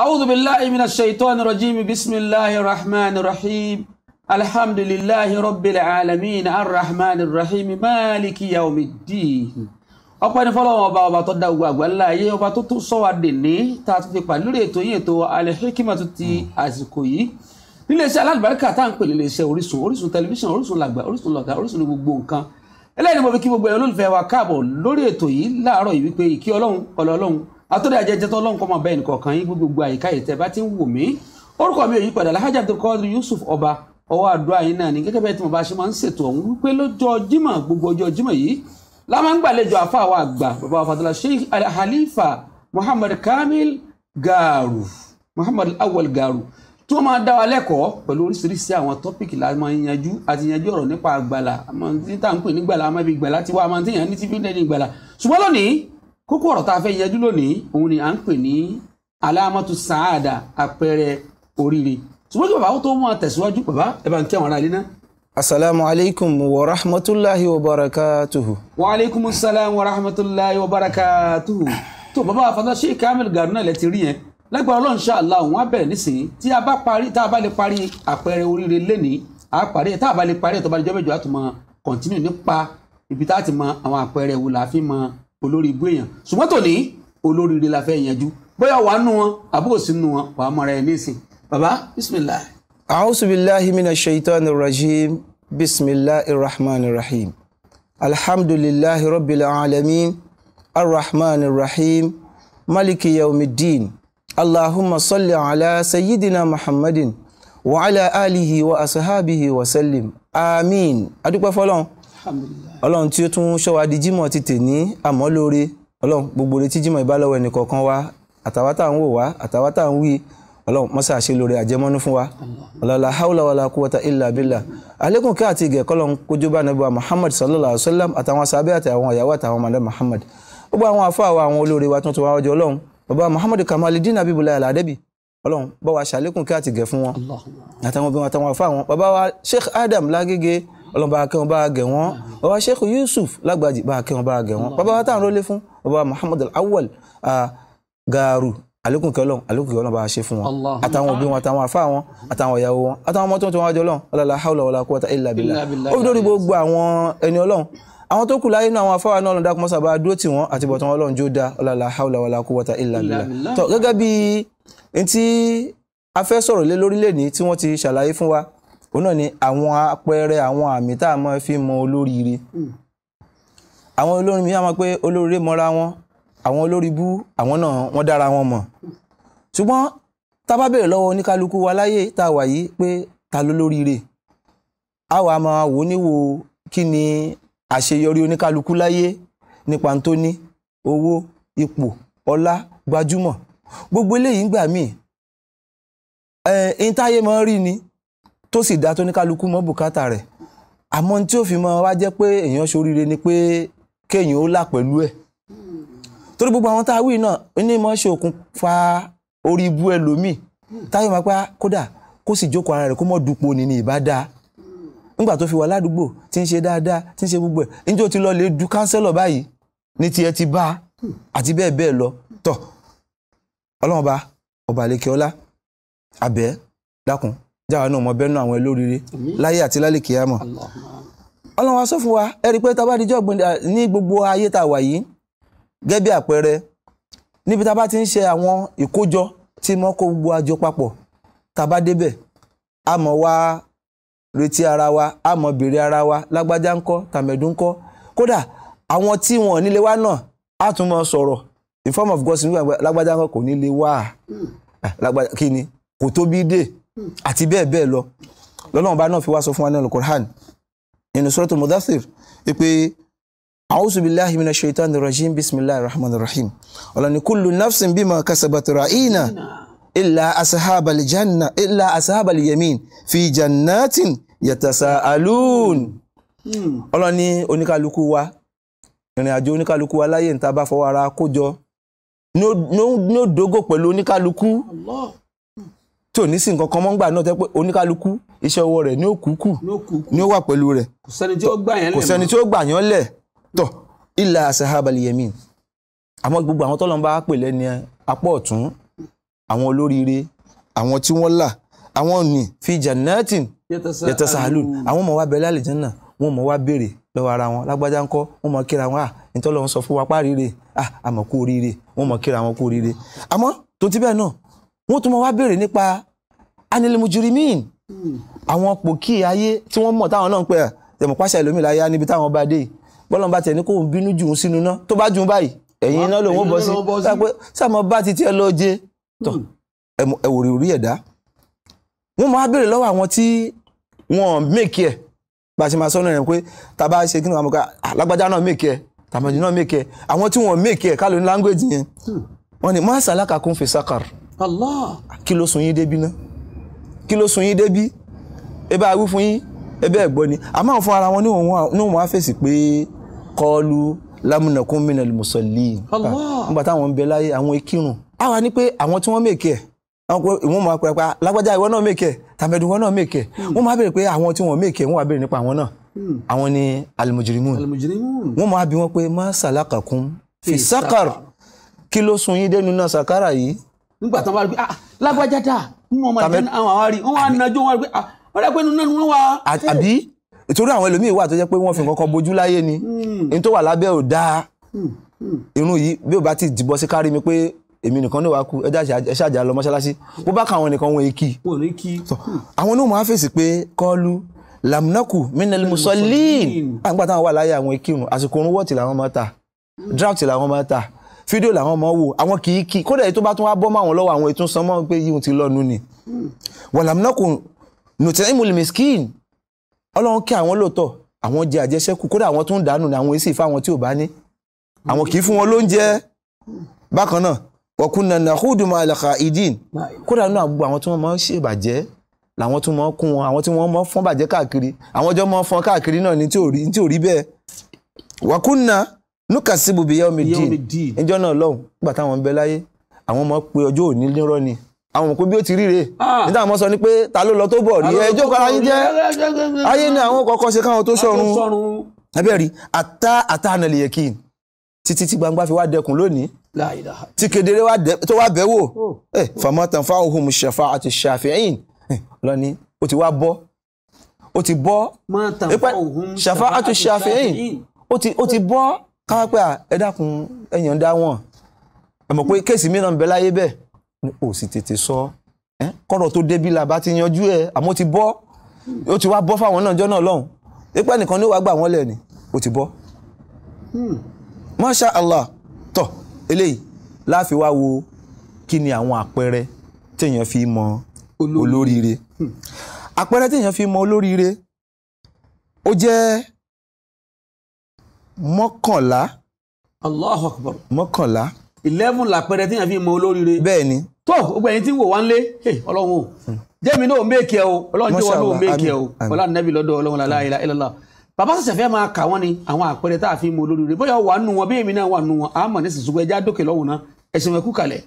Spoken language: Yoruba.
أعوذ بالله من الشيطان الرجيم بسم الله الرحمن الرحيم الحمد لله رب العالمين الرحمن الرحيم مالك يوم الدين ọpẹ́ ní fọ́lọ́run ọba ọba tó dá gbogbo àgbáńlá ayé ọba tó tún sọ wá dèní tá a tún fi pàdé lórí ètò yìí ètò Al-Hikmat ti àsìkò yìí níléeṣẹ́ alábàárìkà tá à ń pè níléeṣẹ́ Orísun Orísun tẹlifíṣàn Orísun làgbà Orísun lọ̀gá Orísun gbogbo nǹkan eléyìí ni mo fi kí gbogbo ẹ̀ olólùfẹ́ wa káàbọ̀ lórí ètò yìí láàárọ̀ yìí wípé ìkí Ọlọ́run ọlọ́run àtọ́dẹ àjẹjẹ tó lọ́nkọ́ mọ̀ bẹ́ẹ̀ nìkọ̀ọ̀kan yín gbogbo àyíká yìí tẹ́ bá ti ń wò mí orúkọ mi ò yí padà Alhaji Abdulkadir Yusuf ọba ọwọ́ àdúrà yín náà ni gẹ́gẹ́ bẹ́ẹ̀ tí mo bá ṣe máa ń ṣètò ọ̀hún wípé lọ́jọ́ Jímọ̀ gbogbo ọjọ́ Jímọ̀ yìí la máa ń gbàlejò àfa wa àgbà bàbá wa fàtàlà Sheikh Halifa Muhammad Kamil Garu Muhammad Awal Garu tí wọ́n máa dá wa lẹ́kọ̀ọ́ pẹ̀lú oríṣiríṣi àwọn tọ́pìkì la máa ń yanjú àti yanjú ọ̀rọ̀ nípa àgbàlá àmọ́ tí tá à ń pè ní gbàlá àmọ́ ibi gbàlá ti wá àmọ́ tí yàn ní tí fi ń lẹ́ni gbàlá ṣùgbọ́n lónìí kókó ọ̀rọ̀ tá a fẹ́ yẹjú lónìí òun ni à ń pè ní aláàmọ́tò sàáàdà àpẹẹrẹ oríire ṣùgbọ́n kí bàbá tó mú àtẹ̀síwájú bàbá ẹ bá ń kí àwọn ará ilé náà. asalaamu alaykum wa rahmatulahi wa barakatuhu. wa alaykum salaam wa rahmatulahi wa barakatuhu. tó bàbá àfàdá ṣé kamil garuna lẹ ti rí yẹn lágbára ọlọ́run ṣá àlá òun á bẹ̀rẹ̀ nísìnyí tí a bá parí tá a bá lè parí àpẹẹrẹ oríire lẹ́nìí á parí ẹ̀ tá a bá lè parí ẹ̀ tó bá lè jọ́ bẹ́jọ́ àtúmọ̀ kọ̀ntínú nípa ibi tá a ti mọ àwọn àpẹẹrẹ wo fi mọ olórí ibú èèyàn ṣùgbọ́n tòní olóríire la fẹ́ yanjú bóyá wàá nù wọn àbúrò sí nù wọn wàá mọ̀ra ẹ̀ nísìn baba bisimilah. a'uzu billahi minash shaitanir rajim bismillahir rahmanir rahim alhamdulillahi rabbil alamin arrahmanir rahim maliki yawmiddin allahumma salli ala sayyidina muhammadin wa ala alihi wa asahabihi wa sallim amin adúpẹ́ fọlọ́n ọlọ́run tí ó tún ṣọ́wa di jímọ̀ ti tèní àmọ́ lóore ọlọ́run gbogbo retí jímọ̀ ìbálọ́wọ́ ẹnì kọ̀ọ̀kan wa àtàwa tá à ń wò wá àtàwa tá à ń wí ọlọ́run mọ́sá àṣẹ àjẹmọ́nú fún wa ọ̀làlà haúlà kúwọ́tà ìlà alẹ́kùn kí àti ìgẹ̀kọ́ lọ́n kojú bá nàbí muhammad sallallahu alayhi sallam àtàwọn sàbẹ́ àtàwọn àyàwó muhammad gbogbo àwọn àfáà wa àwọn olóore wa tuntun wa ọjọ́ ọlọ́run bàbá muhammad kamalidin abibulayi aladebi ọlọ́run bá wa ṣàlékún kí àti ìgẹ̀ fún wọn àtàwọn obìnrin àtàwọn àfáà bàbá wa sheikh adam lágége ọlọ́run bá a kẹ́ wọn bá a gẹ̀ wọ́n bàbá sheikh yusuf lágbàjì bá a kẹ́ wọn bá a gẹ̀ wọ́n bàbá wa tá à ń rólé fún bàbá muhammad awwal gaaru àlékún kẹ́ ọlọ́run àlékún kẹ́ ọlọ́run bá a ṣe fún wọn àtàwọn òbí wọn àtàwọn àfa wọn àtàwọn ìyàwó wọn àtàwọn ọmọ tó ń tó wọn wájú ọlọ́run ọlọ́la haúlọ̀ wọlá kúwọ́tà ilà bìlà ó fi dórí gbogbo àwọn ẹni ọlọ́run àwọn tó kù láyé nínú àwọn afáwà náà lọ́dà kọ́mọ́sà bá dúró tì wọ́n àti bọ̀tán ọlọ́run jó dá ọlọ́la haúlọ̀ wọlá kúwọ́tà ilà bìlà tó gẹ́gẹ́ bí ntí a fẹ́ sọ̀rọ̀ lé lórílẹ̀ ní tí wọ́n ti ṣàlàyé fún wa òun náà ni àwọn àpẹẹrẹ àwọn àmì tá a máa fi mọ olóríire hmm. àwọn olórin mi á mọ̀ pé olóríire mọra wọn àwọn olórí bú àwọn náà wọ́n dára wọn mọ̀ ṣùgbọ́n tá a bá béèrè lọ́wọ́ oníkálukú wa láyé tá a wà yìí pé ta ló lóríire a wà máa wò níwò kí ni àṣeyọrí oníkálukú láyé nípa tó ní owó ipò ọlá gbajúmọ̀ gbogbo eléyìí ń gbà míì ẹ̀ ń táyé máa ń rí ni tó sì dá tó ní kálukú mọ́ bùkátà rẹ̀ àmọ́ tí ó fi mọ́ wá jẹ́ pé èèyàn ṣoríire ni pé kéèyàn ó là pẹ̀lú ẹ̀ torí gbogbo àwọn tá a wí náà ní mọ́ ṣe òkun fa orí ibú ẹlòmíì táyọ̀ máa pa ah, kódà kó sì jókòó ara rẹ̀ kó mọ̀ dupò ní ní ìbá nígbà tó fi wà ládùúgbò tí ń ṣe dáadáa tí ń ṣe gbogbo ẹ̀ níjó ti lọ lè du kánsẹ́lọ̀ báyìí ní tiẹ̀ ti bá àti bẹ́ẹ̀ bẹ́ẹ̀ lọ tọ̀ ọlọ́run ọba ọba ọlá àbẹ́ dákun jáwa náà mọ bẹ́ẹ̀ náà àwọn ẹlóríire láyé àti lálẹ́ kíyámà ọlọ́run wa sọ fún wa ẹ rí i pé tá a bá di jọ́gbìn ní gbogbo ayé tá a wà yìí gẹ́gẹ́ bí àpẹẹrẹ níbi tá a bá ti ń ṣe àwọn ìkójọ tí mo kó gbogbo àjọ papọ̀ tá a bá wá retí ara wa a mọ̀ ara wa lágbájá ńkọ́ tàmẹ̀dú ńkọ́ kódà àwọn tí wọn nílé wa náà á tún mọ sọ̀rọ̀ in form of gossip lágbájá ńkọ́ kò nílé wa hmm. ah, lágbájá kí ni kò tóbi dé àti bẹ́ẹ̀ bẹ́ẹ̀ lọ lọ́lọ́run bá náà fi wá sọ fún wa nínú Qur'an nínú suratul Mudaththir pé a'udhu billahi minash shaitani rajim bismillahir rahmanir rahim ọlọ́ni kullu nafsin bima kasabat ra'ina illa asahabal janna illa asahabal yamin fi jannatin yatasaalun hmm. ọlọ́ni oníkálukú wa ìrìn àjò oníkálukú wa láyé níta bá fọwọ́ ara kó jọ ní ó dógò pẹ̀lú oníkálukú. Allah tí ò ní sí nǹkan kan mọ́ ń gbà náà tẹ́ pé oníkálukú iṣẹ́ ọwọ́ rẹ̀ ní òkúkù ní ó wà pẹ̀lú rẹ̀ kò sẹ́ni tí ó gbà yán lẹ̀ tọ̀ ilà sahabali yemin àmọ́ gbogbo àwọn tọ́lọ́n bá pè lẹ́ni apá ọ̀tún àwọn olóríire àwọn tí wọ́n là àwọn ní fi jannatin yatasahalun àwọn ọmọ wa bẹ̀rẹ̀ àlìjánà wọn mọ̀ wá béèrè lọ́wọ́ ara wọn lágbájá ń wọn mọ̀ kíra wọn à nítọ́lọ́ ń sọ fún wa páríire à àmọ̀ kú oríire wọn mọ̀ kíra wọn kú oríire àmọ́ tó ti bẹ́ẹ̀ náà wọ́n tún mọ wá béèrè nípa anilmujurimin hmm. àwọn pòkì ayé tí wọ́n mọ̀ táwọn náà ń pẹ́ tẹ̀mọ̀páṣẹ ìlómi láyé níbi táwọn bá dé bọ́lọ́n bá tẹ̀ ní kó ń bínú jù ú sínú náà tó bá jù ú báyìí ẹ̀yìn iná lòun bọ́ sí pé sàmọ́ bá ti tiẹ̀ lọ jẹ tọ̀ hmm. ẹ̀wòrì orí ẹ̀dá wọ́n máa béèrè lọ́wọ́ àwọn tí wọ́n mèkì ẹ̀ bá a ṣe máa sọ́nà rẹ̀ pé tá a bá ṣe kí ni àwọn alágbájá náà mèkì ẹ̀ tàmọ̀jù Allah kí ló sun yín débi ná kí ló sun yín débi ebe awí fún yín ebe ẹ̀gbọ́n ni àmọ́ àwọn fún ara wọn ní òun á fèsì pé kọlu lámúnàkún minal musallin ah, nígbà táwọn ń bẹ láyé àwọn ekírun á wà ní pé àwọn tí wọ́n mèkè àwọn pé ìwọ́n máa pẹ́pẹ́ lágbájá ìwọ náà mèkè tàbẹ̀dù ìwọ náà mèkè hmm. wọ́n máa bèèrè pé àwọn tí wọ́n mèkè wọ́n wà bèèrè nípa àwọn náà hmm. àwọn ni alimujirimun wọ́n máa bi wọ́n pé má sàlákàkún fi sákàr kí ló sun yín dénú náà sàkárà yìí nígbà tán bá rí pé ah lágbájá dà nínú ọmọ ìjẹun àwọn àwárí wọn wá nàjọ wọn rí pé ah wọn rẹ pé nínú náà wọn wá. àbí ìtorí àwọn ẹlòmíín wà tó jẹ́ pé wọ́n fi nǹkan bojú láyé ni hmm. ní tó wà lábẹ́ ò dáa hmm, hmm. irun yìí bí ò bá ti dìbọ sí kárí mi pé èmi nìkan náà wá kú ẹ ṣáàjà lọ mọ́ṣáláṣí bó bá káwọn nìkan wọn èkì. àwọn onímọ̀ á fèsì pé kọ́lu lamnaku minel musallin àgbàtà wà láyé àwọn èkì àsìkò orun wọ́ọ̀tì làwọn máa ta draft làwọn máa ta fídíò làwọn ọmọ wò àwọn kì í kì í kódà èyí tó bá tún wá bọ́ mọ́ àwọn lọ́wọ́ àwọn ètò sanmọ́ pé yíyún ti lọ́nu ni wàlámùnákù nùtẹ́ ìmùlẹ̀ mẹ́sìkìn ọlọ́run kí àwọn lóòótọ́ àwọn jẹ àjẹsẹ́kù kódà àwọn tó ń dànù ni àwọn èsì fáwọn tí ò bá ní àwọn kì í fún wọn lóúnjẹ bákan náà ọkùn nànà húdù máa làkà ìdín kódà náà gbogbo àwọn tí tó nuka síbu bíi yẹ́wọ́mi dín ẹjọ́ náà lọ́hùn nígbà táwọn ń bẹ láyé àwọn ọmọ pé ọjọ́ òní nírọ́ ni àwọn ọmọ pé bí ó ti ríre ah. níta àwọn ọmọ sọ ni pé ta ló lọ tó bọ̀ rí ẹjọ́ kan ayé jẹ́ ayé ni àwọn kọ̀ọ̀kan ṣe káwọn tó sọ̀run abẹ́rí ata ata ànàlè yẹ kí títí tí gbangba fi wá dẹkùn lónìí tí kedere tó wá bẹ̀ wò fàmọ́tàn fáwọn ṣẹ̀fà àti ṣàfihàn lọ́ni ó ti wá bọ́ ó ti bọ́ ṣàfà àti ṣàfihàn ó ti bọ́ káwá pé ẹ dákun ẹyàn dá wọn ẹ mọ̀ pé kéèsì mìíràn bẹ láyé bẹ́ẹ̀ ni ò sì tètè sọ ẹ kọ́rọ̀ tó débi làbá ti yanjú ẹ àmọ́ ti bọ́ ó ti wá bọ́ fáwọn náà jọ́ náà lọ́hùn ipá nìkan ni ó wàá gbà wọ́n lẹ̀ ni ó ti bọ́. Hmm. masha allah tọ eléyìí láàfin wá wo kí ni àwọn àpẹẹrẹ téèyàn fi mọ olóríire hmm. àpẹẹrẹ téèyàn fi mọ olóríire ó jẹ́ mọ́kànlá. Allah Akbar. mọ́kànlá. eleven làpẹrẹ tí yàn fi mọ olóríire. bẹ́ẹ̀ni. tó gbogbo ẹ̀yin tí ń wò wá ń lé Ọlọ́run o hmm. jẹmi náà méèkì ẹ e o Ọlọ́run jẹ wọn náà méèkì ẹ e o Ọlọ́run nẹbi lọ́dọ̀ Ọlọ́run la ilaha illallah bàbá sọsẹ fẹ́ máa kà wọn ni àwọn àpẹrẹ tá a fi mọ olóríire bóyá wà nù wọn bí èmi náà wà nù wọn àmọ́ ní sísun ẹjẹ àdókè lọ́hùn náà ẹsìn ẹkú kalẹ̀.